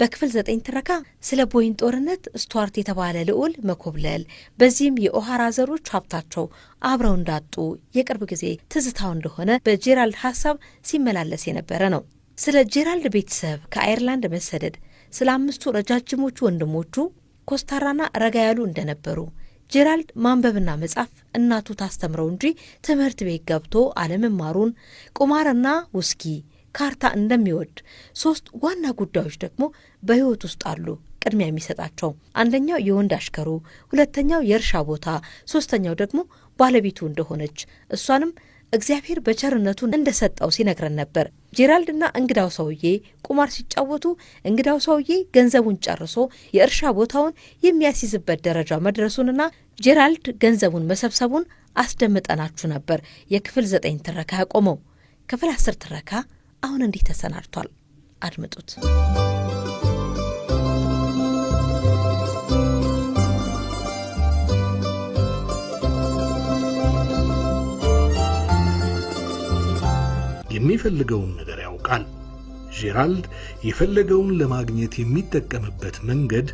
በክፍል ዘጠኝ ትረካ ስለ ቦይን ጦርነት ስቱዋርት የተባለ ልዑል መኮብለል፣ በዚህም የኦሃራ ዘሮች ሀብታቸው አብረው እንዳጡ የቅርብ ጊዜ ትዝታው እንደሆነ በጄራልድ ሀሳብ ሲመላለስ የነበረ ነው። ስለ ጄራልድ ቤተሰብ ከአይርላንድ መሰደድ፣ ስለ አምስቱ ረጃጅሞቹ ወንድሞቹ ኮስታራና ረጋ ያሉ እንደነበሩ ጄራልድ ማንበብና መጻፍ እናቱ ታስተምረው እንጂ ትምህርት ቤት ገብቶ አለመማሩን፣ ቁማርና ውስኪ፣ ካርታ እንደሚወድ ሶስት ዋና ጉዳዮች ደግሞ በህይወት ውስጥ አሉ ቅድሚያ የሚሰጣቸው አንደኛው የወንድ አሽከሩ፣ ሁለተኛው የእርሻ ቦታ፣ ሶስተኛው ደግሞ ባለቤቱ እንደሆነች እሷንም እግዚአብሔር በቸርነቱ እንደሰጠው ሲነግረን ነበር። ጄራልድና እንግዳው ሰውዬ ቁማር ሲጫወቱ እንግዳው ሰውዬ ገንዘቡን ጨርሶ የእርሻ ቦታውን የሚያስይዝበት ደረጃ መድረሱንና ጄራልድ ገንዘቡን መሰብሰቡን አስደምጠናችሁ ነበር። የክፍል ዘጠኝ ትረካ ያቆመው ክፍል አስር ትረካ አሁን እንዲህ ተሰናድቷል። አድምጡት። የሚፈልገውን ነገር ያውቃል። ጄራልድ የፈለገውን ለማግኘት የሚጠቀምበት መንገድ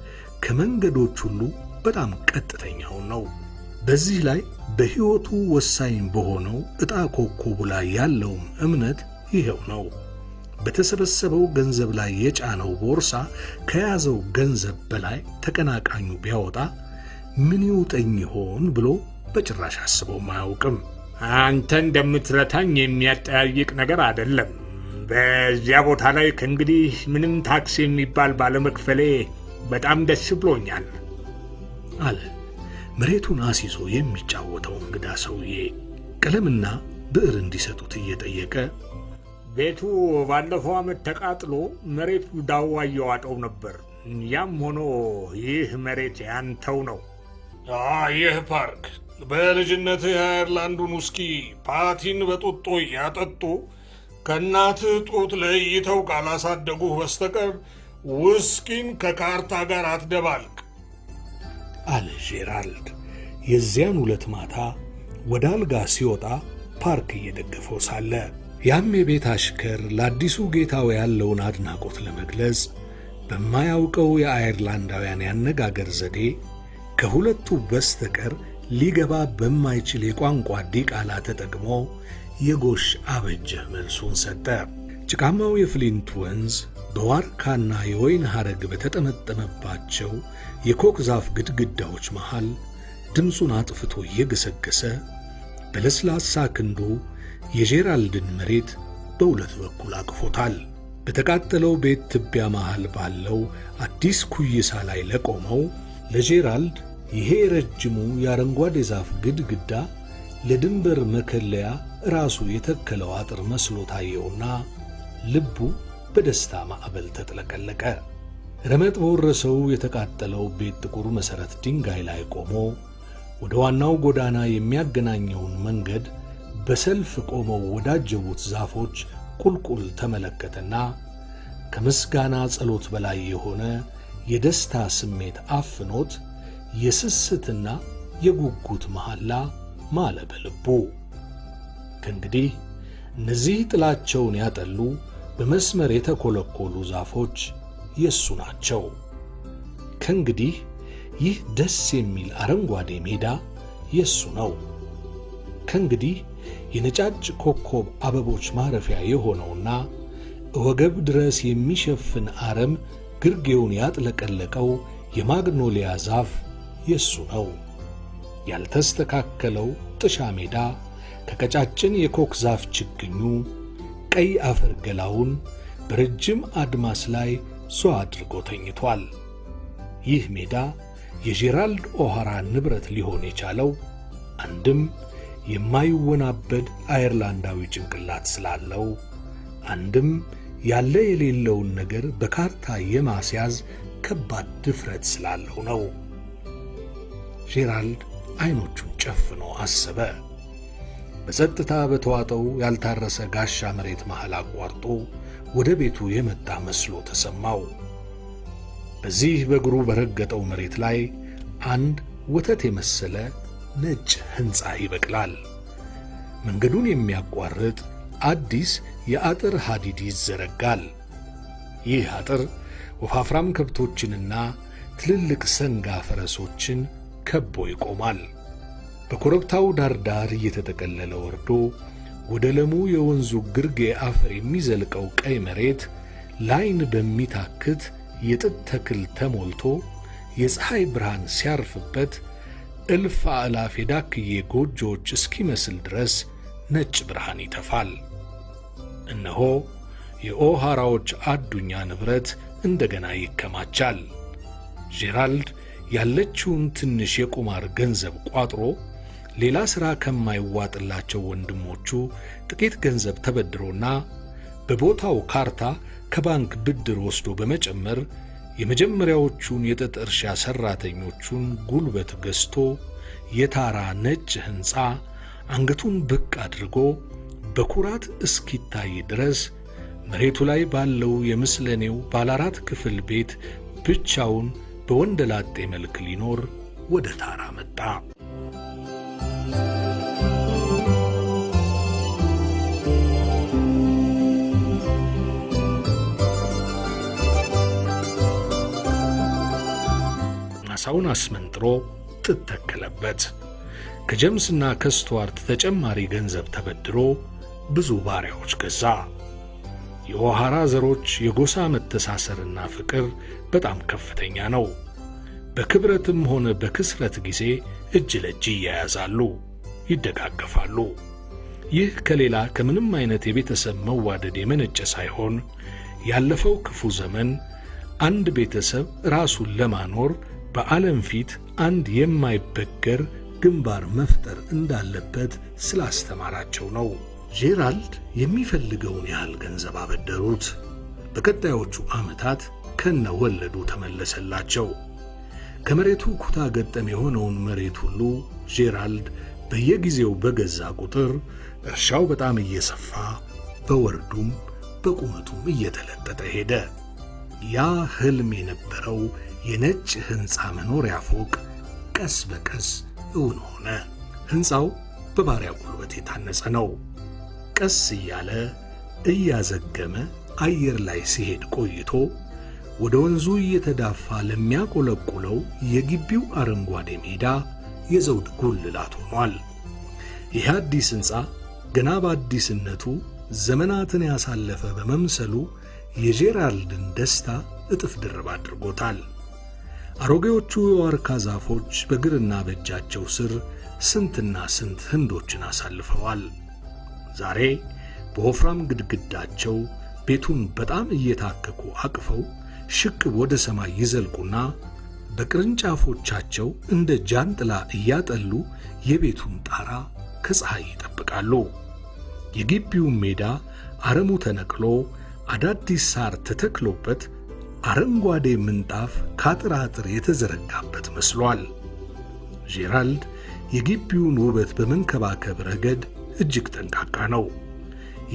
ከመንገዶች ሁሉ በጣም ቀጥተኛውን ነው። በዚህ ላይ በሕይወቱ ወሳኝ በሆነው ዕጣ ኮከቡ ላይ ያለውም እምነት ይኸው ነው። በተሰበሰበው ገንዘብ ላይ የጫነው ቦርሳ ከያዘው ገንዘብ በላይ ተቀናቃኙ ቢያወጣ ምን ይውጠኝ ይሆን ብሎ በጭራሽ አስበውም አያውቅም። አንተ እንደምትረታኝ የሚያጠያይቅ ነገር አይደለም። በዚያ ቦታ ላይ ከእንግዲህ ምንም ታክስ የሚባል ባለመክፈሌ በጣም ደስ ብሎኛል አለ። መሬቱን አስይዞ የሚጫወተው እንግዳ ሰውዬ ቀለምና ብዕር እንዲሰጡት እየጠየቀ ቤቱ ባለፈው ዓመት ተቃጥሎ መሬቱ ዳዋ እየዋጠው ነበር። ያም ሆኖ ይህ መሬት ያንተው ነው። ይህ ፓርክ በልጅነትህ የአየርላንዱን ውስኪ ፓቲን በጡጦ እያጠጡ ከእናትህ ጡት ለይተው ካላሳደጉህ በስተቀር ውስኪን ከካርታ ጋር አትደባልቅ አለ ጄራልድ። የዚያን ሁለት ማታ ወደ አልጋ ሲወጣ ፓርክ እየደገፈው ሳለ ያም የቤት አሽከር ለአዲሱ ጌታው ያለውን አድናቆት ለመግለጽ በማያውቀው የአየርላንዳውያን ያነጋገር ዘዴ ከሁለቱ በስተቀር ሊገባ በማይችል የቋንቋ ዲቃላ ተጠቅሞ የጎሽ አበጀህ መልሱን ሰጠ። ጭቃማው የፍሊንት ወንዝ በዋርካና የወይን ሐረግ በተጠመጠመባቸው የኮክ ዛፍ ግድግዳዎች መሃል ድምፁን አጥፍቶ እየገሰገሰ በለስላሳ ክንዱ የጄራልድን መሬት በሁለት በኩል አቅፎታል። በተቃጠለው ቤት ትቢያ መሃል ባለው አዲስ ኩይሳ ላይ ለቆመው ለጄራልድ ይሄ ረጅሙ የአረንጓዴ ዛፍ ግድግዳ ለድንበር መከለያ ራሱ የተከለው አጥር መስሎ ታየውና ልቡ በደስታ ማዕበል ተጥለቀለቀ። ረመጥ በወረሰው የተቃጠለው ቤት ጥቁር መሠረት ድንጋይ ላይ ቆሞ ወደ ዋናው ጎዳና የሚያገናኘውን መንገድ በሰልፍ ቆመው ወዳጀቡት ዛፎች ቁልቁል ተመለከተና ከምስጋና ጸሎት በላይ የሆነ የደስታ ስሜት አፍኖት የስስትና የጉጉት መሐላ ማለ በልቡ። ከእንግዲህ እነዚህ ጥላቸውን ያጠሉ በመስመር የተኮለኮሉ ዛፎች የእሱ ናቸው። ከእንግዲህ ይህ ደስ የሚል አረንጓዴ ሜዳ የእሱ ነው። ከእንግዲህ የነጫጭ ኮከብ አበቦች ማረፊያ የሆነውና ወገብ ድረስ የሚሸፍን አረም ግርጌውን ያጥለቀለቀው የማግኖሊያ ዛፍ የእሱ ነው። ያልተስተካከለው ጥሻ ሜዳ ከቀጫጭን የኮክ ዛፍ ችግኙ ቀይ አፈር ገላውን በረጅም አድማስ ላይ ዞ አድርጎ ተኝቷል። ይህ ሜዳ የጄራልድ ኦሃራ ንብረት ሊሆን የቻለው አንድም የማይወናበድ አየርላንዳዊ ጭንቅላት ስላለው፣ አንድም ያለ የሌለውን ነገር በካርታ የማስያዝ ከባድ ድፍረት ስላለው ነው። ጄራልድ ዐይኖቹን ጨፍኖ አሰበ። በጸጥታ በተዋጠው ያልታረሰ ጋሻ መሬት መሃል አቋርጦ ወደ ቤቱ የመጣ መስሎ ተሰማው። በዚህ በእግሩ በረገጠው መሬት ላይ አንድ ወተት የመሰለ ነጭ ሕንፃ ይበቅላል። መንገዱን የሚያቋርጥ አዲስ የአጥር ሐዲድ ይዘረጋል። ይህ አጥር ወፋፍራም ከብቶችንና ትልልቅ ሰንጋ ፈረሶችን ከቦ ይቆማል። በኮረብታው ዳርዳር እየተጠቀለለ ወርዶ ወደ ለሙ የወንዙ ግርጌ አፈር የሚዘልቀው ቀይ መሬት ላይን በሚታክት የጥጥ ተክል ተሞልቶ የፀሐይ ብርሃን ሲያርፍበት እልፍ አእላፍ የዳክዬ ጎጆዎች እስኪመስል ድረስ ነጭ ብርሃን ይተፋል። እነሆ የኦሃራዎች አዱኛ ንብረት እንደገና ይከማቻል። ጄራልድ ያለችውን ትንሽ የቁማር ገንዘብ ቋጥሮ ሌላ ሥራ ከማይዋጥላቸው ወንድሞቹ ጥቂት ገንዘብ ተበድሮና በቦታው ካርታ ከባንክ ብድር ወስዶ በመጨመር የመጀመሪያዎቹን የጥጥ እርሻ ሠራተኞቹን ጉልበት ገዝቶ የታራ ነጭ ሕንፃ አንገቱን ብቅ አድርጎ በኩራት እስኪታይ ድረስ መሬቱ ላይ ባለው የምስለኔው ባለ አራት ክፍል ቤት ብቻውን ላጤ መልክ ሊኖር ወደ ታራ መጣ። አሳውን አስመንጥሮ ትተከለበት። ከጀምስና ከስቱዋርት ተጨማሪ ገንዘብ ተበድሮ ብዙ ባሪያዎች ገዛ። የኦሃራ ዘሮች የጎሳ መተሳሰርና ፍቅር በጣም ከፍተኛ ነው። በክብረትም ሆነ በክስረት ጊዜ እጅ ለእጅ ይያያዛሉ፣ ይደጋገፋሉ። ይህ ከሌላ ከምንም አይነት የቤተሰብ መዋደድ የመነጨ ሳይሆን ያለፈው ክፉ ዘመን አንድ ቤተሰብ ራሱን ለማኖር በዓለም ፊት አንድ የማይበገር ግንባር መፍጠር እንዳለበት ስላስተማራቸው ነው። ጄራልድ የሚፈልገውን ያህል ገንዘብ አበደሩት። በቀጣዮቹ ዓመታት ከነ ወለዱ ተመለሰላቸው። ከመሬቱ ኩታ ገጠም የሆነውን መሬት ሁሉ ጄራልድ በየጊዜው በገዛ ቁጥር እርሻው በጣም እየሰፋ በወርዱም በቁመቱም እየተለጠጠ ሄደ። ያ ሕልም የነበረው የነጭ ሕንፃ መኖሪያ ፎቅ ቀስ በቀስ እውን ሆነ። ሕንፃው በባሪያ ጉልበት የታነጸ ነው። ቀስ እያለ እያዘገመ አየር ላይ ሲሄድ ቆይቶ ወደ ወንዙ እየተዳፋ ለሚያቆለቁለው የግቢው አረንጓዴ ሜዳ የዘውድ ጉልላት ሆኗል። ይህ አዲስ ሕንፃ ገና በአዲስነቱ ዘመናትን ያሳለፈ በመምሰሉ የጄራልድን ደስታ እጥፍ ድርብ አድርጎታል። አሮጌዎቹ የዋርካ ዛፎች በግርና በእጃቸው ስር ስንትና ስንት ህንዶችን አሳልፈዋል። ዛሬ በወፍራም ግድግዳቸው ቤቱን በጣም እየታከኩ አቅፈው ሽቅብ ወደ ሰማይ ይዘልቁና በቅርንጫፎቻቸው እንደ ጃንጥላ እያጠሉ የቤቱን ጣራ ከፀሐይ ይጠብቃሉ። የግቢውን ሜዳ አረሙ ተነቅሎ አዳዲስ ሳር ተተክሎበት አረንጓዴ ምንጣፍ ከአጥር አጥር የተዘረጋበት መስሏል። ጄራልድ የግቢውን ውበት በመንከባከብ ረገድ እጅግ ጠንቃቃ ነው።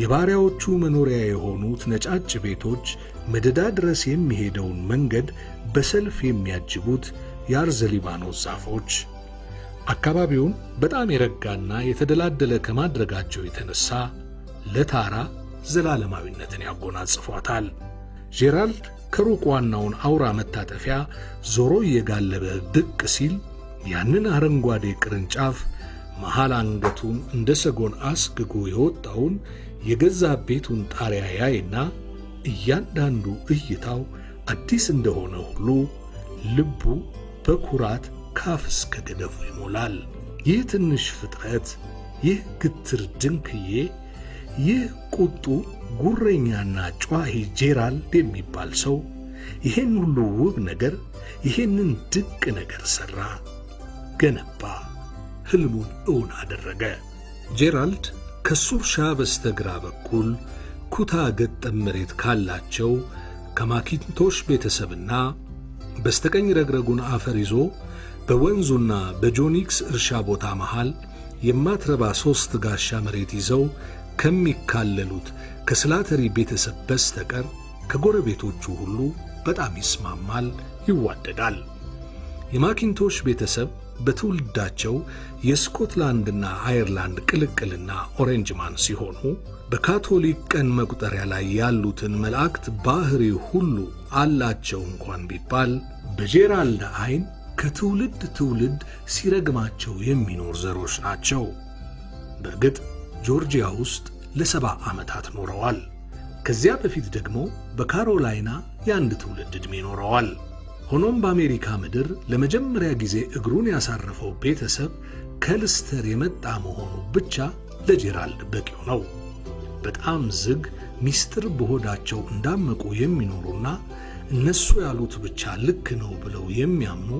የባሪያዎቹ መኖሪያ የሆኑት ነጫጭ ቤቶች መደዳ ድረስ የሚሄደውን መንገድ በሰልፍ የሚያጅቡት የአርዘ ሊባኖስ ዛፎች አካባቢውን በጣም የረጋና የተደላደለ ከማድረጋቸው የተነሳ ለታራ ዘላለማዊነትን ያጎናጽፏታል። ጄራልድ ከሩቅ ዋናውን አውራ መታጠፊያ ዞሮ እየጋለበ ድቅ ሲል ያንን አረንጓዴ ቅርንጫፍ መሃል አንገቱን እንደ ሰጎን አስግጎ የወጣውን የገዛ ቤቱን ጣሪያ ያይና እያንዳንዱ እይታው አዲስ እንደሆነ ሁሉ ልቡ በኩራት ካፍ እስከ ገደፉ ይሞላል። ይህ ትንሽ ፍጥረት፣ ይህ ግትር ድንክዬ፣ ይህ ቁጡ ጉረኛና ጨዋሂ ጄራልድ የሚባል ሰው ይህን ሁሉ ውብ ነገር፣ ይሄንን ድንቅ ነገር ሠራ፣ ገነባ። ሕልሙን እውን አደረገ። ጄራልድ ከሱርሻ በስተግራ በኩል ኩታ ገጠም መሬት ካላቸው ከማኪንቶሽ ቤተሰብና በስተቀኝ ረግረጉን አፈር ይዞ በወንዙና በጆኒክስ እርሻ ቦታ መሃል የማትረባ ሦስት ጋሻ መሬት ይዘው ከሚካለሉት ከስላተሪ ቤተሰብ በስተቀር ከጎረቤቶቹ ሁሉ በጣም ይስማማል፣ ይዋደዳል። የማኪንቶሽ ቤተሰብ በትውልዳቸው የስኮትላንድና አየርላንድ ቅልቅልና ኦሬንጅማን ሲሆኑ በካቶሊክ ቀን መቁጠሪያ ላይ ያሉትን መላእክት ባህሪ ሁሉ አላቸው እንኳን ቢባል በጄራልድ አይን ከትውልድ ትውልድ ሲረግማቸው የሚኖር ዘሮች ናቸው። በእርግጥ ጆርጂያ ውስጥ ለሰባ ዓመታት ኖረዋል። ከዚያ በፊት ደግሞ በካሮላይና የአንድ ትውልድ ዕድሜ ኖረዋል። ሆኖም በአሜሪካ ምድር ለመጀመሪያ ጊዜ እግሩን ያሳረፈው ቤተሰብ ከልስተር የመጣ መሆኑ ብቻ ለጄራልድ በቂው ነው። በጣም ዝግ ሚስጥር በሆዳቸው እንዳመቁ የሚኖሩና እነሱ ያሉት ብቻ ልክ ነው ብለው የሚያምኑ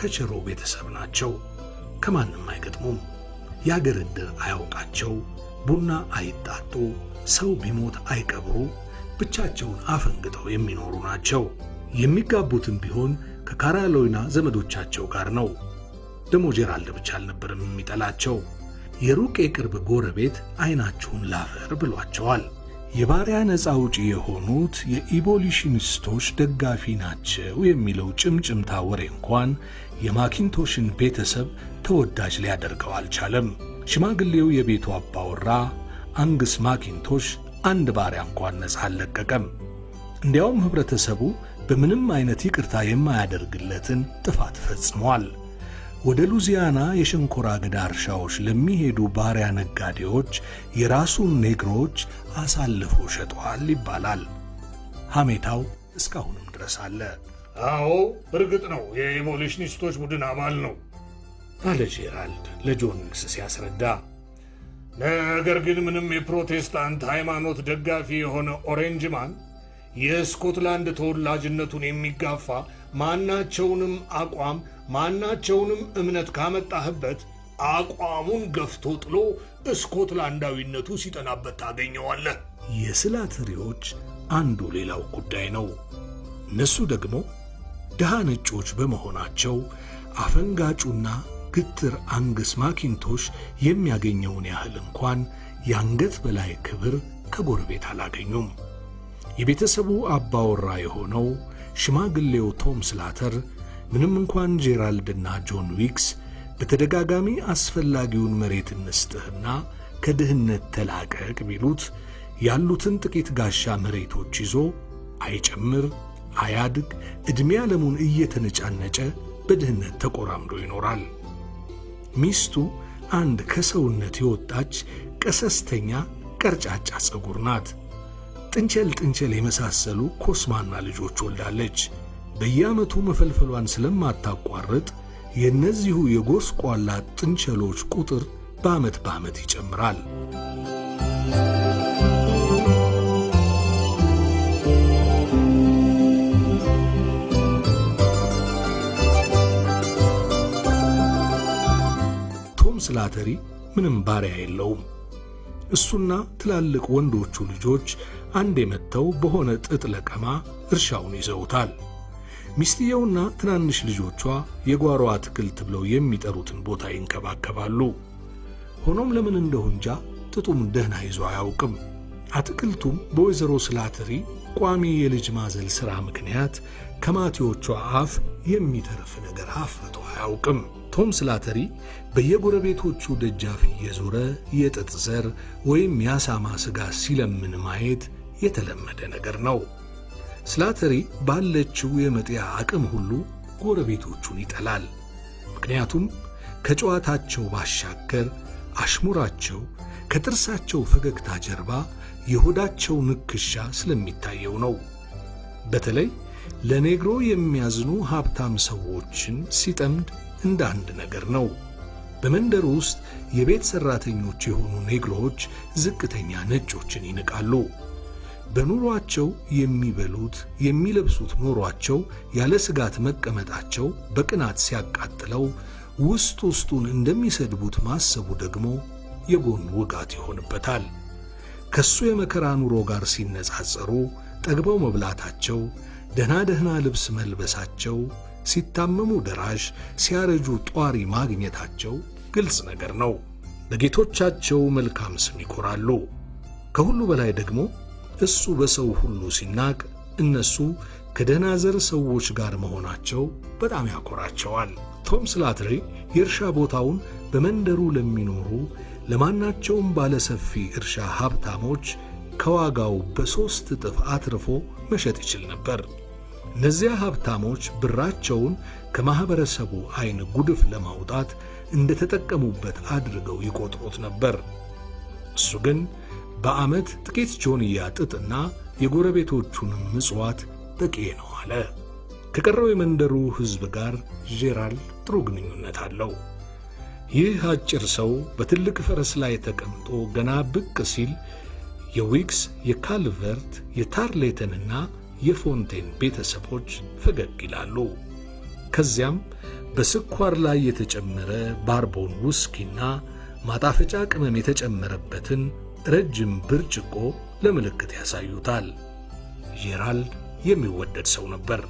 ከቸሮ ቤተሰብ ናቸው። ከማንም አይገጥሙም። ያገረድር አያውቃቸው፣ ቡና አይጣጡ፣ ሰው ቢሞት አይቀብሩ፣ ብቻቸውን አፈንግጠው የሚኖሩ ናቸው። የሚጋቡትም ቢሆን ከካራሎይና ዘመዶቻቸው ጋር ነው። ደሞ ጄራልድ ብቻ አልነበርም የሚጠላቸው። የሩቅ የቅርብ ጎረቤት አይናችሁን ላፈር ብሏቸዋል። የባሪያ ነፃ ውጪ የሆኑት የኢቦሊሽኒስቶች ደጋፊ ናቸው የሚለው ጭምጭምታ ወሬ እንኳን የማኪንቶሽን ቤተሰብ ተወዳጅ ሊያደርገው አልቻለም። ሽማግሌው የቤቱ አባወራ አንግስ ማኪንቶሽ አንድ ባሪያ እንኳን ነፃ አልለቀቀም። እንዲያውም ኅብረተሰቡ በምንም አይነት ይቅርታ የማያደርግለትን ጥፋት ፈጽሟል። ወደ ሉዚያና የሸንኮራ አገዳ እርሻዎች ለሚሄዱ ባሪያ ነጋዴዎች የራሱን ኔግሮች አሳልፎ ሸጠዋል ይባላል። ሐሜታው እስካሁንም ድረስ አለ። አዎ እርግጥ ነው የኢሞሊሽኒስቶች ቡድን አባል ነው አለ ጄራልድ ለጆንስ ሲያስረዳ። ነገር ግን ምንም የፕሮቴስታንት ሃይማኖት ደጋፊ የሆነ ኦሬንጅ ማን የስኮትላንድ ተወላጅነቱን የሚጋፋ ማናቸውንም አቋም ማናቸውንም እምነት ካመጣህበት አቋሙን ገፍቶ ጥሎ እስኮትላንዳዊነቱ ሲጠናበት ታገኘዋለህ። የስላትሪዎች አንዱ ሌላው ጉዳይ ነው። እነሱ ደግሞ ድሃ ነጮች በመሆናቸው አፈንጋጩና ግትር አንግስ ማኪንቶሽ የሚያገኘውን ያህል እንኳን የአንገት በላይ ክብር ከጎረቤት አላገኙም። የቤተሰቡ አባወራ የሆነው ሽማግሌው ቶም ስላተር ምንም እንኳን ጄራልድና ጆን ዊክስ በተደጋጋሚ አስፈላጊውን መሬት እንስጥህና ከድህነት ተላቀቅ ቢሉት ያሉትን ጥቂት ጋሻ መሬቶች ይዞ አይጨምር አያድግ ዕድሜ ዓለሙን እየተነጫነጨ በድህነት ተቆራምዶ ይኖራል። ሚስቱ አንድ ከሰውነት የወጣች ቀሰስተኛ ቀርጫጫ ፀጉር ናት። ጥንቸል ጥንቸል የመሳሰሉ ኮስማና ልጆች ወልዳለች። በየዓመቱ መፈልፈሏን ስለማታቋርጥ የእነዚሁ የጎስቋላ ጥንቸሎች ቁጥር በዓመት በዓመት ይጨምራል። ቶም ስላተሪ ምንም ባሪያ የለውም። እሱና ትላልቅ ወንዶቹ ልጆች አንድ የመተው በሆነ ጥጥ ለቀማ እርሻውን ይዘውታል። ሚስትየውና ትናንሽ ልጆቿ የጓሮ አትክልት ብለው የሚጠሩትን ቦታ ይንከባከባሉ። ሆኖም ለምን እንደሁ እንጃ ጥጡም ደህና ይዞ አያውቅም። አትክልቱም በወይዘሮ ስላትሪ ቋሚ የልጅ ማዘል ሥራ ምክንያት ከማቴዎቿ አፍ የሚተርፍ ነገር አፍርቶ አያውቅም። ቶም ስላተሪ በየጎረቤቶቹ ደጃፍ እየዞረ የጥጥ ዘር ወይም የአሳማ ሥጋ ሲለምን ማየት የተለመደ ነገር ነው። ስላተሪ ባለችው የመጥያ አቅም ሁሉ ጎረቤቶቹን ይጠላል። ምክንያቱም ከጨዋታቸው ባሻገር አሽሙራቸው ከጥርሳቸው ፈገግታ ጀርባ የሆዳቸው ንክሻ ስለሚታየው ነው። በተለይ ለኔግሮ የሚያዝኑ ሀብታም ሰዎችን ሲጠምድ እንደ አንድ ነገር ነው። በመንደሩ ውስጥ የቤት ሠራተኞች የሆኑ ኔግሮዎች ዝቅተኛ ነጮችን ይንቃሉ። በኑሯቸው የሚበሉት የሚለብሱት ኑሯቸው ያለ ስጋት መቀመጣቸው በቅናት ሲያቃጥለው ውስጥ ውስጡን እንደሚሰድቡት ማሰቡ ደግሞ የጎን ውጋት ይሆንበታል። ከሱ የመከራ ኑሮ ጋር ሲነጻጸሩ ጠግበው መብላታቸው፣ ደህና ደህና ልብስ መልበሳቸው፣ ሲታመሙ ደራሽ፣ ሲያረጁ ጧሪ ማግኘታቸው ግልጽ ነገር ነው። ለጌቶቻቸው መልካም ስም ይኮራሉ። ከሁሉ በላይ ደግሞ እሱ በሰው ሁሉ ሲናቅ እነሱ ከደናዘር ዘር ሰዎች ጋር መሆናቸው በጣም ያኮራቸዋል። ቶም ስላትሪ የእርሻ ቦታውን በመንደሩ ለሚኖሩ ለማናቸውም ባለሰፊ እርሻ ሀብታሞች ከዋጋው በሦስት እጥፍ አትርፎ መሸጥ ይችል ነበር። እነዚያ ሀብታሞች ብራቸውን ከማኅበረሰቡ ዐይን ጉድፍ ለማውጣት እንደተጠቀሙበት አድርገው ይቆጥሩት ነበር። እሱ ግን በዓመት ጥቂት ጆንያ ጥጥና የጎረቤቶቹንም ምጽዋት በቂ ነው አለ። ከቀረው የመንደሩ ሕዝብ ጋር ጄራል ጥሩ ግንኙነት አለው። ይህ አጭር ሰው በትልቅ ፈረስ ላይ ተቀምጦ ገና ብቅ ሲል የዊክስ የካልቨርት የታርሌተንና የፎንቴን ቤተሰቦች ፈገግ ይላሉ። ከዚያም በስኳር ላይ የተጨመረ ባርቦን ውስኪና ማጣፈጫ ቅመም የተጨመረበትን ረጅም ብርጭቆ ለምልክት ያሳዩታል። ጄራልድ የሚወደድ ሰው ነበር።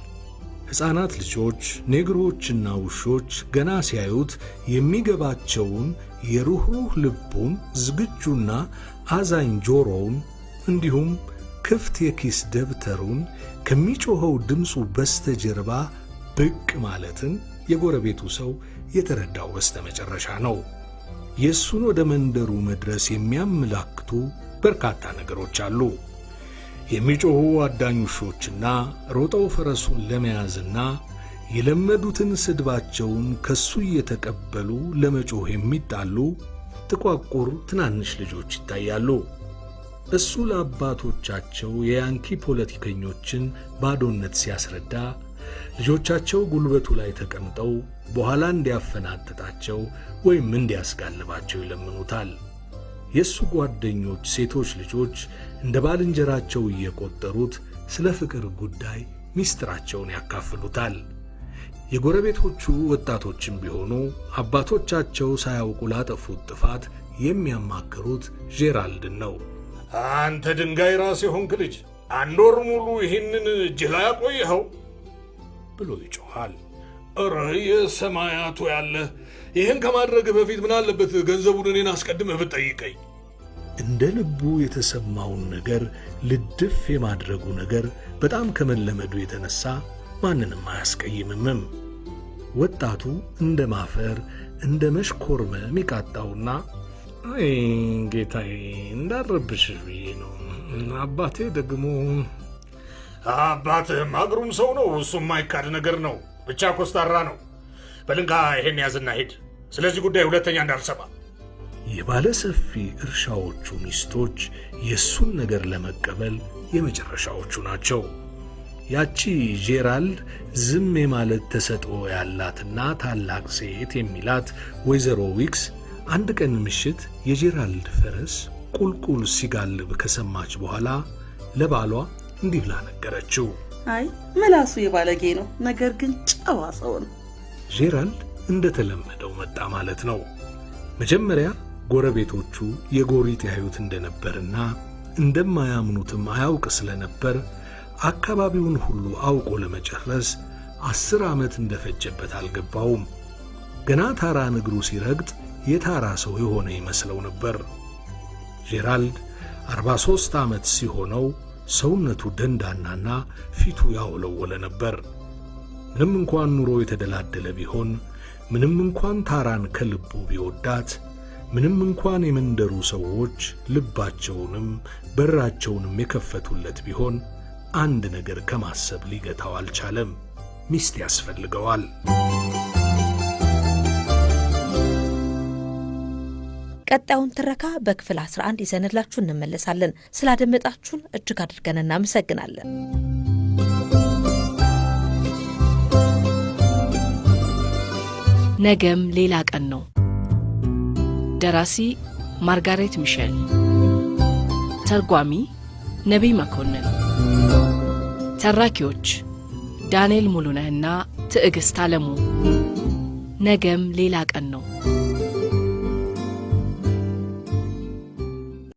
ሕፃናት ልጆች፣ ኔግሮችና ውሾች ገና ሲያዩት የሚገባቸውን የሩኅሩህ ልቡን፣ ዝግጁና አዛኝ ጆሮውን እንዲሁም ክፍት የኪስ ደብተሩን ከሚጮኸው ድምፁ በስተጀርባ ብቅ ማለትን የጎረቤቱ ሰው የተረዳው በስተመጨረሻ ነው። የእሱን ወደ መንደሩ መድረስ የሚያመላክቱ በርካታ ነገሮች አሉ። የሚጮኹ አዳኝ ውሾችና ሮጠው ፈረሱን ለመያዝና የለመዱትን ስድባቸውን ከሱ እየተቀበሉ ለመጮህ የሚጣሉ ጥቋቁር ትናንሽ ልጆች ይታያሉ። እሱ ለአባቶቻቸው የያንኪ ፖለቲከኞችን ባዶነት ሲያስረዳ ልጆቻቸው ጉልበቱ ላይ ተቀምጠው በኋላ እንዲያፈናጥጣቸው ወይም እንዲያስጋልባቸው ይለምኑታል። የእሱ ጓደኞች ሴቶች ልጆች እንደ ባልንጀራቸው እየቆጠሩት ስለ ፍቅር ጉዳይ ሚስጥራቸውን ያካፍሉታል። የጎረቤቶቹ ወጣቶችም ቢሆኑ አባቶቻቸው ሳያውቁ ላጠፉት ጥፋት የሚያማክሩት ጄራልድን ነው። አንተ ድንጋይ ራስ የሆንክ ልጅ አንድ ወር ሙሉ ይህንን እጅህ ላይ አቆይኸው ብሎ ይጮኋል። እረ የሰማያቱ ያለ ይህን ከማድረግህ በፊት ምን አለበት ገንዘቡን እኔን አስቀድመህ ብትጠይቀኝ። እንደ ልቡ የተሰማውን ነገር ልድፍ የማድረጉ ነገር በጣም ከመለመዱ የተነሳ ማንንም አያስቀይምምም። ወጣቱ እንደ ማፈር እንደ መሽኮርመም ይቃጣውና ጌታዬ እንዳረብሽ ብዬ ነው አባቴ ደግሞ አባት ማግሩም ሰው ነው። እሱ የማይካድ ነገር ነው። ብቻ ኮስታራ ነው። በልንጋ ይሄን ያዝና ሂድ። ስለዚህ ጉዳይ ሁለተኛ እንዳልሰማ። የባለ ሰፊ እርሻዎቹ ሚስቶች የእሱን ነገር ለመቀበል የመጨረሻዎቹ ናቸው። ያቺ ጄራልድ ዝም የማለት ተሰጥኦ ያላትና ታላቅ ሴት የሚላት ወይዘሮ ዊክስ አንድ ቀን ምሽት የጄራልድ ፈረስ ቁልቁል ሲጋልብ ከሰማች በኋላ ለባሏ እንዲህ ብላ ነገረችው። አይ መላሱ የባለጌ ነው፣ ነገር ግን ጨዋ ሰው ነው። ጄራልድ እንደተለመደው መጣ ማለት ነው። መጀመሪያ ጎረቤቶቹ የጎሪጥ ያዩት እንደነበርና እንደማያምኑትም አያውቅ ስለነበር አካባቢውን ሁሉ አውቆ ለመጨረስ አስር ዓመት እንደፈጀበት አልገባውም። ገና ታራን እግሩ ሲረግጥ የታራ ሰው የሆነ ይመስለው ነበር። ጄራልድ 43 ዓመት ሲሆነው ሰውነቱ ደንዳናና ፊቱ ያወለወለ ነበር። ምንም እንኳን ኑሮ የተደላደለ ቢሆን፣ ምንም እንኳን ታራን ከልቡ ቢወዳት፣ ምንም እንኳን የመንደሩ ሰዎች ልባቸውንም በራቸውንም የከፈቱለት ቢሆን፣ አንድ ነገር ከማሰብ ሊገታው አልቻለም። ሚስት ያስፈልገዋል። ቀጣዩን ትረካ በክፍል 11 ይዘንላችሁ እንመለሳለን። ስላደመጣችሁን እጅግ አድርገን እናመሰግናለን። ነገም ሌላ ቀን ነው። ደራሲ ማርጋሬት ሚሸል ተርጓሚ ነቢይ መኮንን፣ ተራኪዎች ዳንኤል ሙሉነህና ትዕግሥት አለሙ። ነገም ሌላ ቀን ነው።